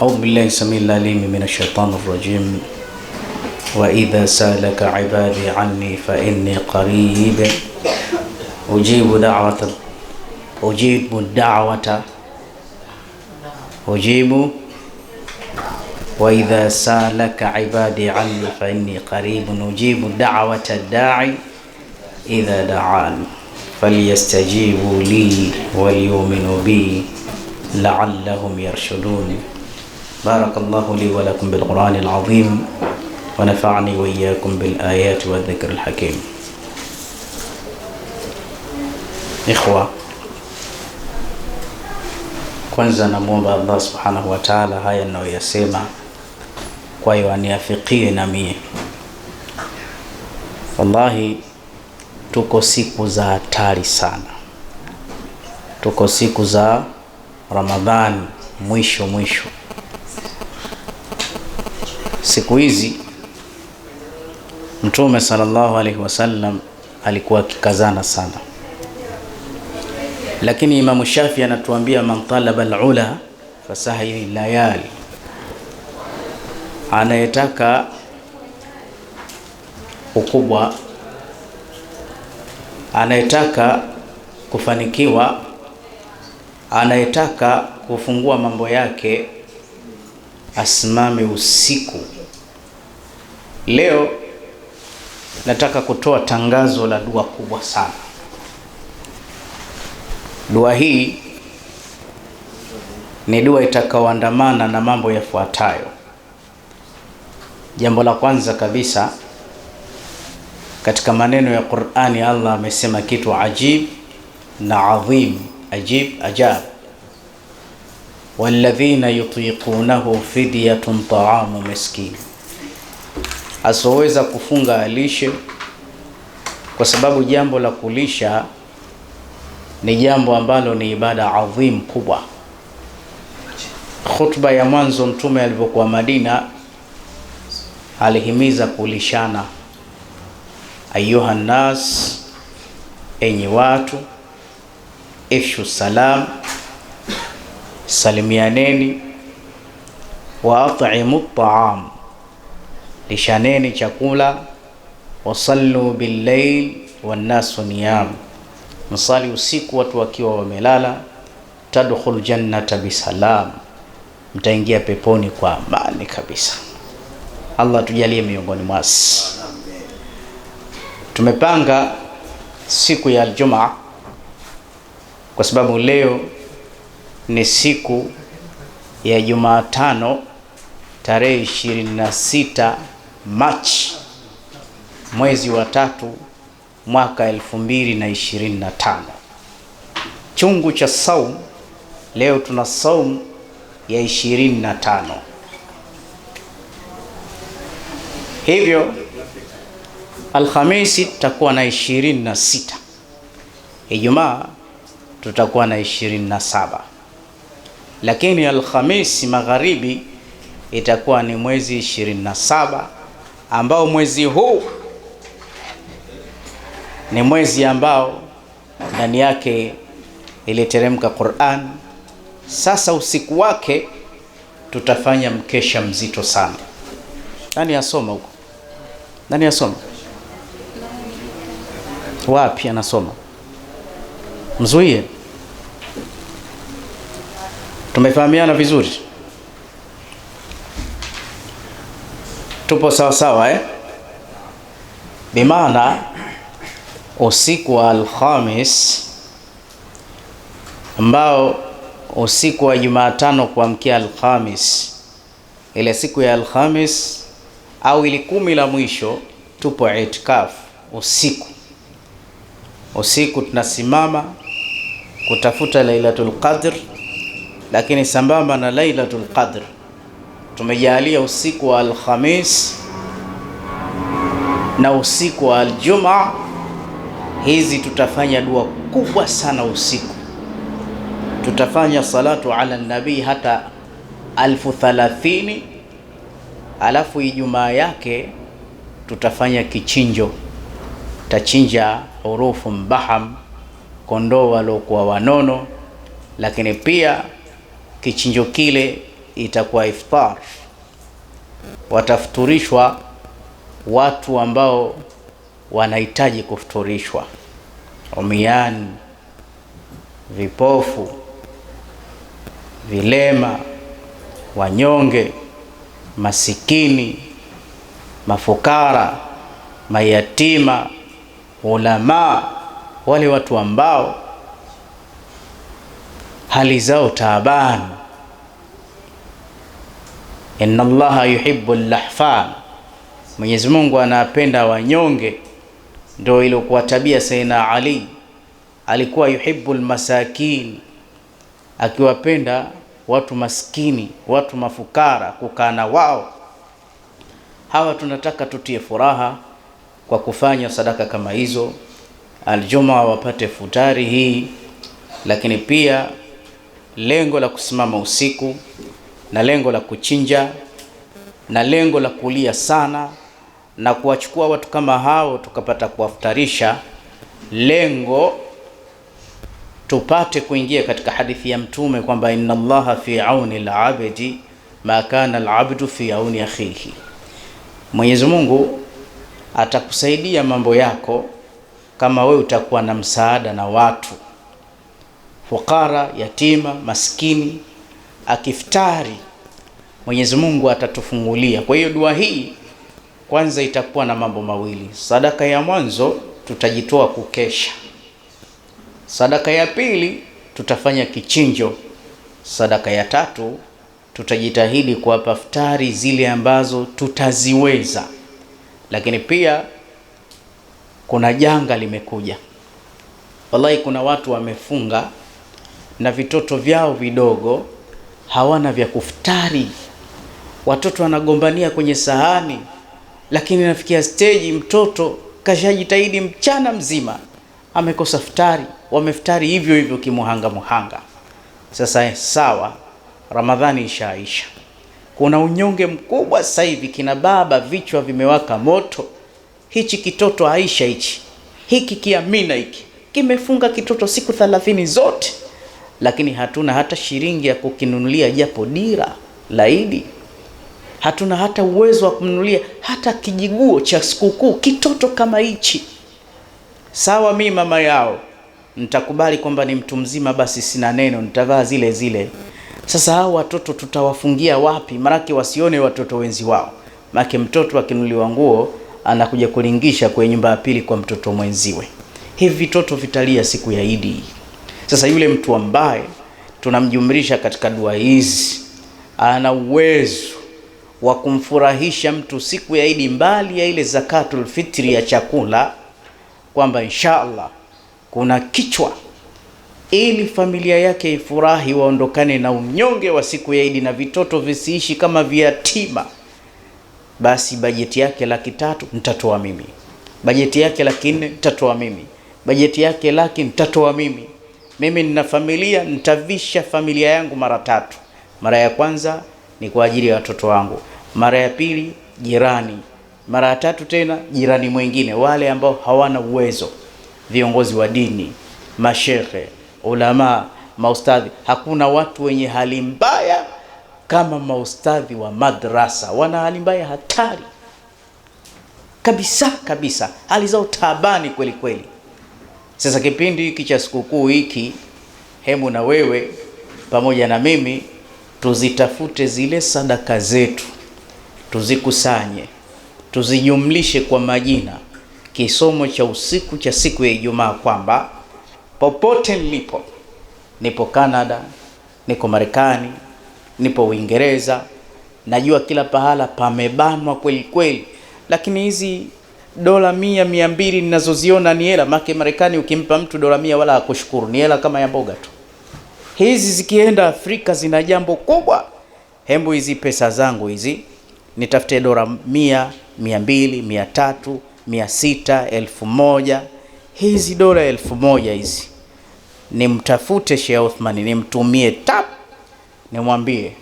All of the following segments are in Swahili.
أعوذ بالله السميع العليم من الشيطان الرجيم وإذا سألك عبادي عني فإني قريب أجيب دعوة أجيب الدعوة أجيب وإذا سألك عبادي عني فإني قريب أجيب دعوة الداعي إذا دعان فليستجيبوا لي وليؤمنوا بي لعلهم يرشدون Barakallahu li wa lakum bil Qur'anil azim wa nafa'ani wa iyyakum bil ayati wa dhikril hakim. Ikhwa, kwanza namwomba Allah subhanahu wa ta'ala, haya ninayoyasema kwa hiyo aniafikie na mie. Wallahi, tuko siku za hatari sana, tuko siku za Ramadhani mwisho mwisho siku hizi Mtume sallallahu alaihi wasallam alikuwa akikazana sana, lakini Imamu Shafi anatuambia man talaba alula fasahi layali, anayetaka ukubwa, anayetaka kufanikiwa, anayetaka kufungua mambo yake, asimame usiku Leo nataka kutoa tangazo la dua kubwa sana. Dua hii ni dua itakaoandamana na mambo yafuatayo. Jambo la kwanza kabisa, katika maneno ya Qur'ani Allah amesema kitu ajib na adhim, ajib ajab walladhina yutiqunahu fidyatun ta'amu miskin asoweza kufunga alishe, kwa sababu jambo la kulisha ni jambo ambalo ni ibada adhim kubwa. Khutba ya mwanzo Mtume alipokuwa Madina alihimiza kulishana, ayuha nnas, enyi watu, ifshu salam, salimianeni, wa at'imu ta'am lishaneni chakula, wasallu billail wannasu niyam, msali usiku watu wakiwa wamelala. Tadkhul jannata bisalam, mtaingia peponi kwa amani kabisa. Allah tujalie miongoni mwasi. Tumepanga siku ya Aljumaa kwa sababu leo ni siku ya Jumatano tarehe sita Machi mwezi wa tatu mwaka elfu mbili na ishirini na tano. Chungu cha saumu leo tuna saumu ya ishirini na tano. Hivyo Alhamisi tutakuwa na ishirini na sita, Ijumaa tutakuwa na ishirini na saba, lakini Alhamisi magharibi itakuwa ni mwezi ishirini na saba ambao mwezi huu ni mwezi ambao ndani yake iliteremka Qur'an. Sasa usiku wake tutafanya mkesha mzito sana. Nani asoma huko? Nani asoma wapi? Anasoma, mzuie. Tumefahamiana vizuri. Tupo sawasawa eh? Bimaana usiku wa Alhamis ambao usiku wa Jumatano kuamkia Alhamis, ile siku ya Alhamis au ili kumi la mwisho, tupo itikaf usiku. Usiku tunasimama kutafuta Lailatul Qadr, lakini sambamba na Lailatul Qadr tumejalia usiku wa Alhamis na usiku wa Aljuma, hizi tutafanya dua kubwa sana usiku. Tutafanya salatu ala nabii hata alfu thalathini, alafu ijumaa yake tutafanya kichinjo, tachinja hurufu mbaham, kondoo waliokuwa wanono, lakini pia kichinjo kile itakuwa iftar. Watafuturishwa watu ambao wanahitaji kufuturishwa, umiani, vipofu, vilema, wanyonge, masikini, mafukara, mayatima, ulamaa, wale watu ambao hali zao taabani inna Allaha yuhibbu lahfan, Mwenyezi Mungu anapenda wanyonge. Ndio ilikuwa tabia Saina Ali, alikuwa yuhibbu lmasakin, akiwapenda watu maskini, watu mafukara, kukaa na wao. Hawa tunataka tutie furaha kwa kufanya sadaka kama hizo, aljuma wapate futari hii, lakini pia lengo la kusimama usiku na lengo la kuchinja na lengo la kulia sana na kuwachukua watu kama hao tukapata kuwafutarisha, lengo tupate kuingia katika hadithi ya Mtume kwamba inna Allaha fi auni al ma kana labdu fi auni akhihi, Mwenyezi Mungu atakusaidia mambo yako kama wewe utakuwa na msaada na watu fukara, yatima, maskini akiftari Mwenyezi Mungu atatufungulia. Kwa hiyo dua hii kwanza itakuwa na mambo mawili. Sadaka ya mwanzo tutajitoa kukesha, sadaka ya pili tutafanya kichinjo, sadaka ya tatu tutajitahidi kuwapa iftari zile ambazo tutaziweza. Lakini pia kuna janga limekuja, wallahi, kuna watu wamefunga na vitoto vyao vidogo hawana vya kufutari, watoto wanagombania kwenye sahani, lakini nafikia steji mtoto kashajitahidi mchana mzima amekosa futari, wamefutari hivyo hivyo kimuhanga muhanga. Sasa sawa, Ramadhani ishaisha, kuna unyonge mkubwa sasa hivi, kina baba vichwa vimewaka moto. Hichi kitoto Aisha hichi hiki kiamina hiki kimefunga kitoto siku thalathini zote lakini hatuna hata shilingi ya kukinunulia japo dira laidi Hatuna hata uwezo wa kumnunulia hata kijiguo cha sikukuu kitoto kama hichi. Sawa, mi mama yao nitakubali kwamba ni mtu mzima, basi sina neno, nitavaa zile zile. Sasa hao watoto tutawafungia wapi? Maanake wasione watoto wenzi wao, maanake mtoto akinunuliwa nguo anakuja kulingisha kwenye nyumba ya pili kwa mtoto mwenziwe. Hivi vitoto vitalia siku ya Idi. Sasa yule mtu ambaye tunamjumlisha katika dua hizi ana uwezo wa kumfurahisha mtu siku ya Idi, mbali ya ile zakatul fitri ya chakula, kwamba insha Allah kuna kichwa, ili familia yake ifurahi, waondokane na unyonge wa siku ya Idi na vitoto visiishi kama viatima Basi bajeti yake laki tatu nitatoa mimi, bajeti yake laki nne nitatoa mimi, bajeti yake laki nitatoa mimi mimi nina familia, nitavisha familia yangu mara tatu. Mara ya kwanza ni kwa ajili ya watoto wangu, mara ya pili jirani, mara ya tatu tena jirani mwingine, wale ambao hawana uwezo. Viongozi wa dini, mashekhe, ulama, maustadhi, hakuna watu wenye hali mbaya kama maustadhi wa madrasa. Wana hali mbaya hatari kabisa kabisa, hali zao taabani kweli kweli. Sasa kipindi hiki cha sikukuu hiki, hebu na wewe pamoja na mimi tuzitafute zile sadaka zetu, tuzikusanye, tuzijumlishe kwa majina, kisomo cha usiku cha siku ya Ijumaa kwamba popote nilipo, nipo Canada, niko Marekani, nipo Uingereza, najua kila pahala pamebanwa kweli kweli, lakini hizi dola mia mia mbili ninazoziona ni hela make. Marekani ukimpa mtu dola mia wala akushukuru, ni hela kama ya mboga tu. Hizi zikienda Afrika zina jambo kubwa. Hembu hizi pesa zangu hizi nitafute dola mia mia mbili mia tatu mia sita elfu moja hizi dola elfu moja hizi nimtafute Sheikh Othman nimtumie tap, nimwambie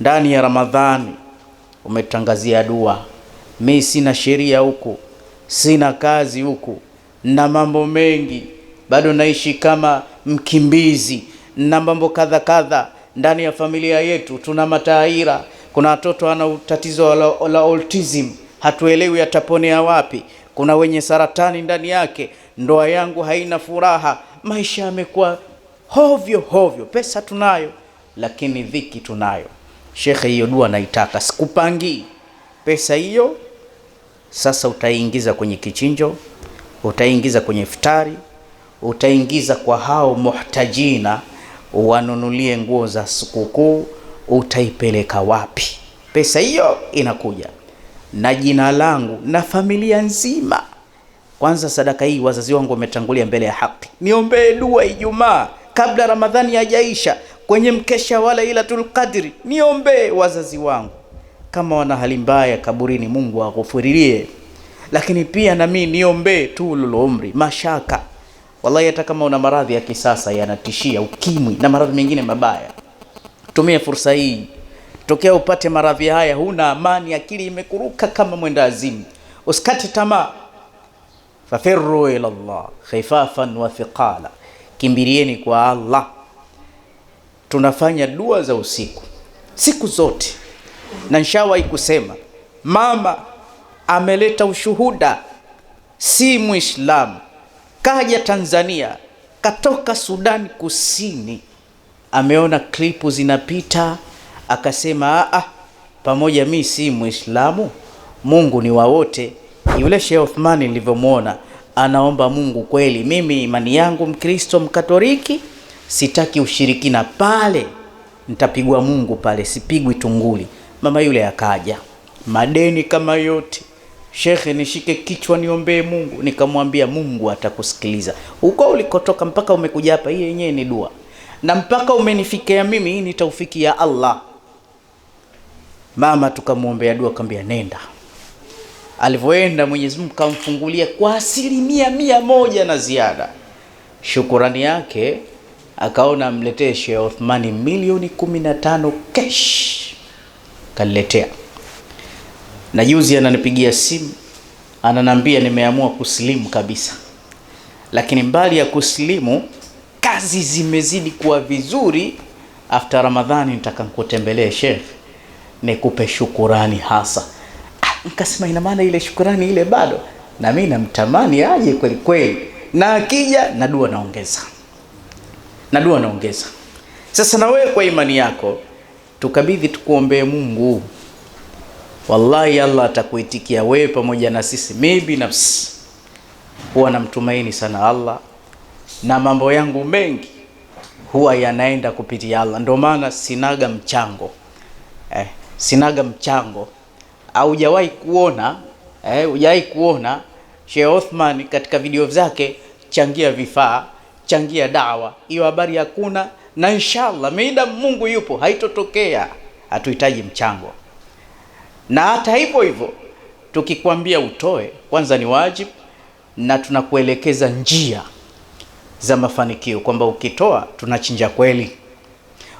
ndani ya Ramadhani umetangazia dua mi sina sheria huku, sina kazi huku na mambo mengi, bado naishi kama mkimbizi na mambo kadha kadha. Ndani ya familia yetu tuna mataira, kuna watoto wana tatizo la, la autism, hatuelewi ataponea wapi. Kuna wenye saratani ndani yake. Ndoa yangu haina furaha, maisha yamekuwa hovyo hovyo. Pesa tunayo, lakini dhiki tunayo. Shekhe, hiyo dua naitaka, sikupangii pesa hiyo sasa utaiingiza kwenye kichinjo, utaiingiza kwenye iftari, utaingiza kwa hao muhtajina, wanunulie nguo za sikukuu. Utaipeleka wapi? Pesa hiyo inakuja na jina langu na familia nzima. Kwanza sadaka hii, wazazi wangu wametangulia mbele ya haki, niombee dua Ijumaa kabla Ramadhani hajaisha, kwenye mkesha wa Lailatul Qadri, niombee wazazi wangu kama wana hali mbaya kaburini, Mungu aghufurilie. Lakini pia na mimi niombee tu umri mashaka. Wallahi, hata kama una maradhi ya kisasa yanatishia ukimwi na maradhi mengine mabaya, tumie fursa hii tokea upate maradhi haya, huna amani, akili imekuruka kama mwenda azimu. Usikate tamaa, fafirru ila Allah khifafan wa thiqala, kimbilieni kwa Allah. Tunafanya dua za usiku siku zote na nshawahi kusema mama ameleta ushuhuda, si Muislamu, kaja Tanzania, katoka Sudani Kusini, ameona klipu zinapita, akasema ah, pamoja mi si Muislamu, Mungu ni wa wote. Yule Sheikh Othmani nilivyomwona anaomba Mungu kweli, mimi imani yangu Mkristo Mkatoliki, sitaki ushirikina, pale nitapigwa Mungu pale, sipigwi tunguli. Mama yule akaja, madeni kama yote, shekhe, nishike kichwa niombee Mungu. Nikamwambia Mungu atakusikiliza huko ulikotoka mpaka umekuja hapa, hii yenyewe ni dua, na mpaka umenifikia mimi, hii ni taufiki ya Allah. Mama tukamwombea dua, kaambia nenda. Alivyoenda Mwenyezi Mungu kamfungulia kwa asilimia mia moja na ziada. Shukurani yake akaona amletee Sheikh Othmani milioni 15 cash kaniletea. Na juzi ananipigia simu ananambia nimeamua kusilimu kabisa, lakini mbali ya kusilimu kazi zimezidi kuwa vizuri. After Ramadhani nitaka nikutembelee Sheikh, nikupe shukurani hasa. Ah, nikasema ina maana ile shukurani ile bado na mimi namtamani aje kweli kweli, na akija na dua naongeza, na dua naongeza. Sasa na wewe kwa imani yako tukabidhi tukuombee Mungu, wallahi Allah atakuitikia wewe pamoja na sisi. Mi binafsi huwa namtumaini sana Allah na mambo yangu mengi huwa yanaenda kupitia Allah, ndio maana sinaga mchango eh, sinaga mchango au hujawahi kuona eh, hujawahi kuona Sheikh Othman katika video zake, changia vifaa, changia dawa, hiyo habari hakuna na inshallah meida Mungu yupo, haitotokea. Hatuhitaji mchango. Na hata hivyo hivyo tukikwambia utoe, kwanza ni wajibu, na tunakuelekeza njia za mafanikio kwamba ukitoa tunachinja kweli,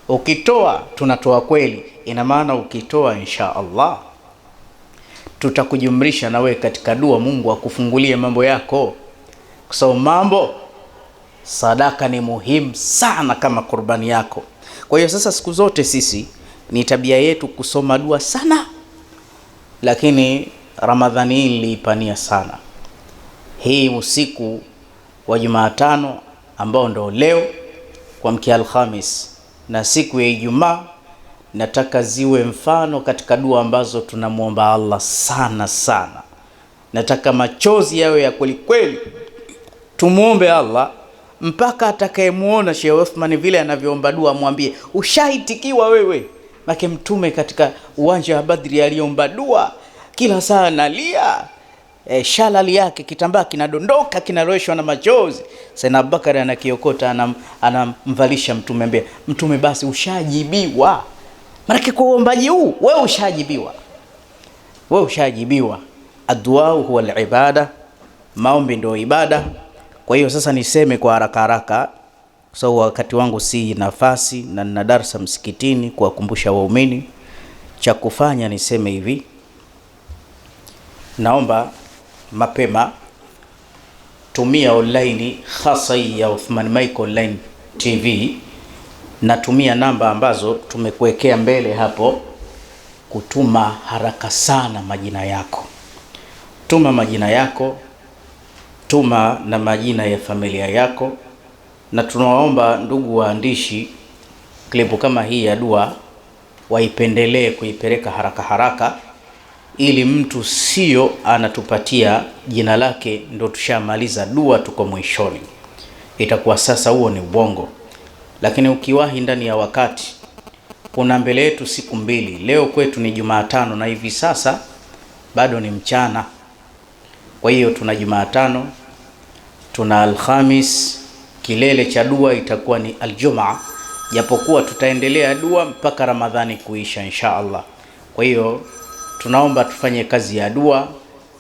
ukitoa tunatoa kweli. Ina maana ukitoa, insha Allah tutakujumlisha na we katika dua, Mungu akufungulie mambo yako, kwa sababu mambo sadaka ni muhimu sana kama kurbani yako. Kwa hiyo sasa, siku zote sisi ni tabia yetu kusoma dua sana, lakini Ramadhani hii niliipania sana, hii usiku wa Jumatano ambao ndo leo kuamkia Alhamis na siku ya Ijumaa, nataka ziwe mfano katika dua ambazo tunamwomba Allah sana sana. Nataka machozi yawe ya kweli kweli, tumwombe Allah mpaka atakayemwona Sheikh Othman vile anavyoomba dua amwambie ushaitikiwa wewe. Make mtume katika uwanja wa Badri aliomba dua kila saa analia, e, shalali yake kitambaa kinadondoka kinaloeshwa na machozi. Sayyidina Abubakar anakiokota anam, anamvalisha mtume, ambia mtume, basi ushajibiwa. Maanake kwa uombaji huu wewe ushajibiwa, wewe ushajibiwa. Adduau huwa alibada, maombi ndio ibada. Kwa hiyo sasa niseme kwa haraka haraka, kwa sababu wakati wangu si nafasi na nina darsa msikitini kuwakumbusha waumini. Cha kufanya niseme hivi, naomba mapema tumia online hasa hii ya Uthman Michael Online TV, natumia namba ambazo tumekuwekea mbele hapo, kutuma haraka sana majina yako. Tuma majina yako tuma na majina ya familia yako, na tunawaomba ndugu waandishi, klipu kama hii ya dua waipendelee kuipeleka haraka haraka, ili mtu sio anatupatia jina lake ndo tushamaliza dua, tuko mwishoni, itakuwa sasa huo ni ubongo. Lakini ukiwahi ndani ya wakati, kuna mbele yetu siku mbili. Leo kwetu ni Jumatano na hivi sasa bado ni mchana, kwa hiyo tuna Jumatano tuna Alhamis, kilele cha dua itakuwa ni Aljumaa, japokuwa tutaendelea dua mpaka Ramadhani kuisha insha Allah. Kwa hiyo tunaomba tufanye kazi ya dua,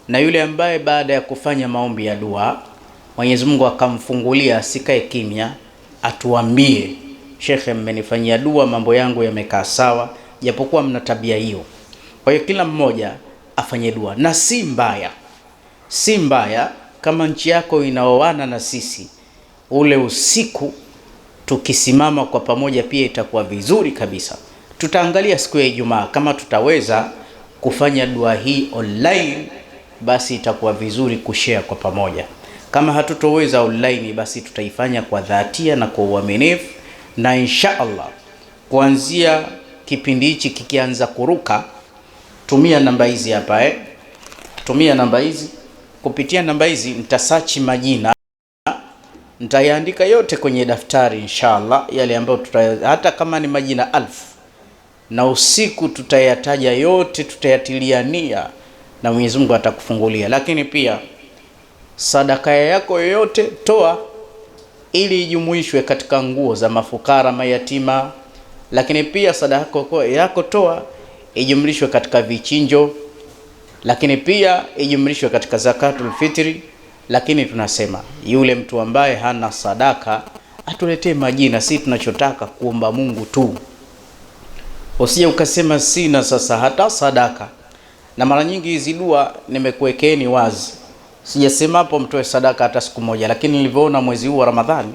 na yule ambaye baada ya kufanya maombi ya dua Mwenyezi Mungu akamfungulia, asikae kimya, atuambie shekhe, mmenifanyia dua, mambo yangu yamekaa sawa, japokuwa mna tabia hiyo. Kwa hiyo kila mmoja afanye dua na si mbaya, si mbaya kama nchi yako inaoana na sisi, ule usiku tukisimama kwa pamoja, pia itakuwa vizuri kabisa. Tutaangalia siku ya Ijumaa kama tutaweza kufanya dua hii online, basi itakuwa vizuri kushare kwa pamoja. Kama hatutoweza online, basi tutaifanya kwa dhatia na kwa uaminifu, na insha Allah kuanzia kipindi hichi kikianza kuruka, tumia namba hizi hapa eh, tumia namba hizi kupitia namba hizi mtasachi majina, mtayaandika yote kwenye daftari inshallah, yale ambayo tuta, hata kama ni majina alfu, na usiku tutayataja yote, tutayatilia nia na Mwenyezi Mungu atakufungulia. Lakini pia sadaka yako yoyote toa, ili ijumuishwe katika nguo za mafukara mayatima. Lakini pia sadaka yako toa ijumlishwe katika vichinjo lakini pia ijumlishwe katika zakatul fitri. Lakini tunasema yule mtu ambaye hana sadaka atuletee majina, si tunachotaka kuomba Mungu tu, usije ukasema sina sasa hata sadaka. Na mara nyingi hizi dua nimekuwekeni wazi, sijasema hapo mtoe sadaka hata siku moja, lakini nilivyoona mwezi huu wa Ramadhani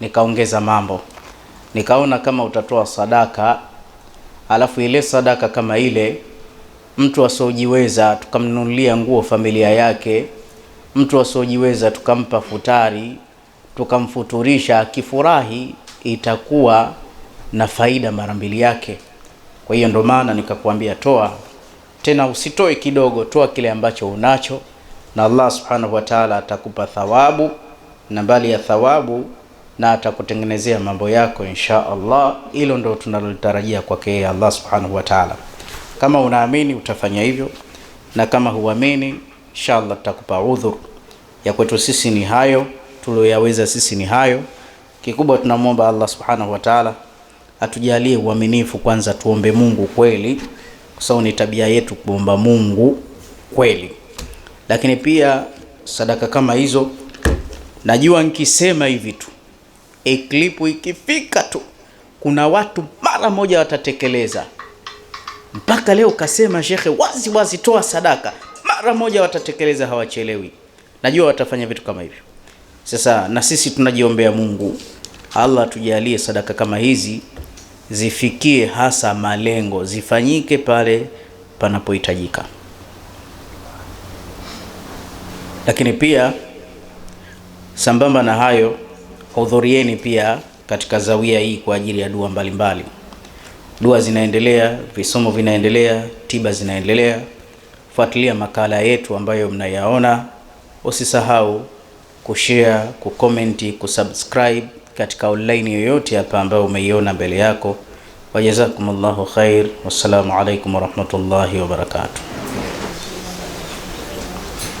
nikaongeza mambo, nikaona kama utatoa sadaka alafu ile sadaka kama ile mtu asiojiweza tukamnunulia nguo familia yake, mtu asiojiweza tukampa futari, tukamfuturisha, akifurahi itakuwa na faida mara mbili yake. Kwa hiyo ndo maana nikakwambia toa, tena usitoe kidogo, toa kile ambacho unacho, na Allah subhanahu wa ta'ala atakupa thawabu na mbali ya thawabu na atakutengenezea mambo yako insha Allah. Hilo ndo tunalotarajia kwake Allah subhanahu wa ta'ala. Kama unaamini utafanya hivyo, na kama huamini, inshallah tutakupa udhur. Ya kwetu sisi ni hayo, tulioyaweza sisi ni hayo. Kikubwa tunamwomba Allah subhanahu wa ta'ala atujalie uaminifu kwanza, tuombe Mungu kweli, kwa sababu ni tabia yetu kuomba Mungu kweli. Lakini pia sadaka kama hizo, najua nikisema hivi tu, eklipu ikifika tu, kuna watu mara moja watatekeleza mpaka leo kasema shekhe wazi wazi, toa sadaka mara moja, watatekeleza hawachelewi. Najua watafanya vitu kama hivyo. Sasa na sisi tunajiombea Mungu, Allah tujalie sadaka kama hizi zifikie hasa malengo, zifanyike pale panapohitajika. Lakini pia sambamba na hayo, hudhurieni pia katika zawia hii kwa ajili ya dua mbalimbali mbali dua zinaendelea, visomo vinaendelea, tiba zinaendelea. Fuatilia makala yetu ambayo mnayaona. Usisahau kushare, kukomenti, kusubscribe katika online yoyote hapa ambayo umeiona mbele yako. Wajazakumullahu khair. Wassalamu alaikum warahmatullahi wabarakatuh.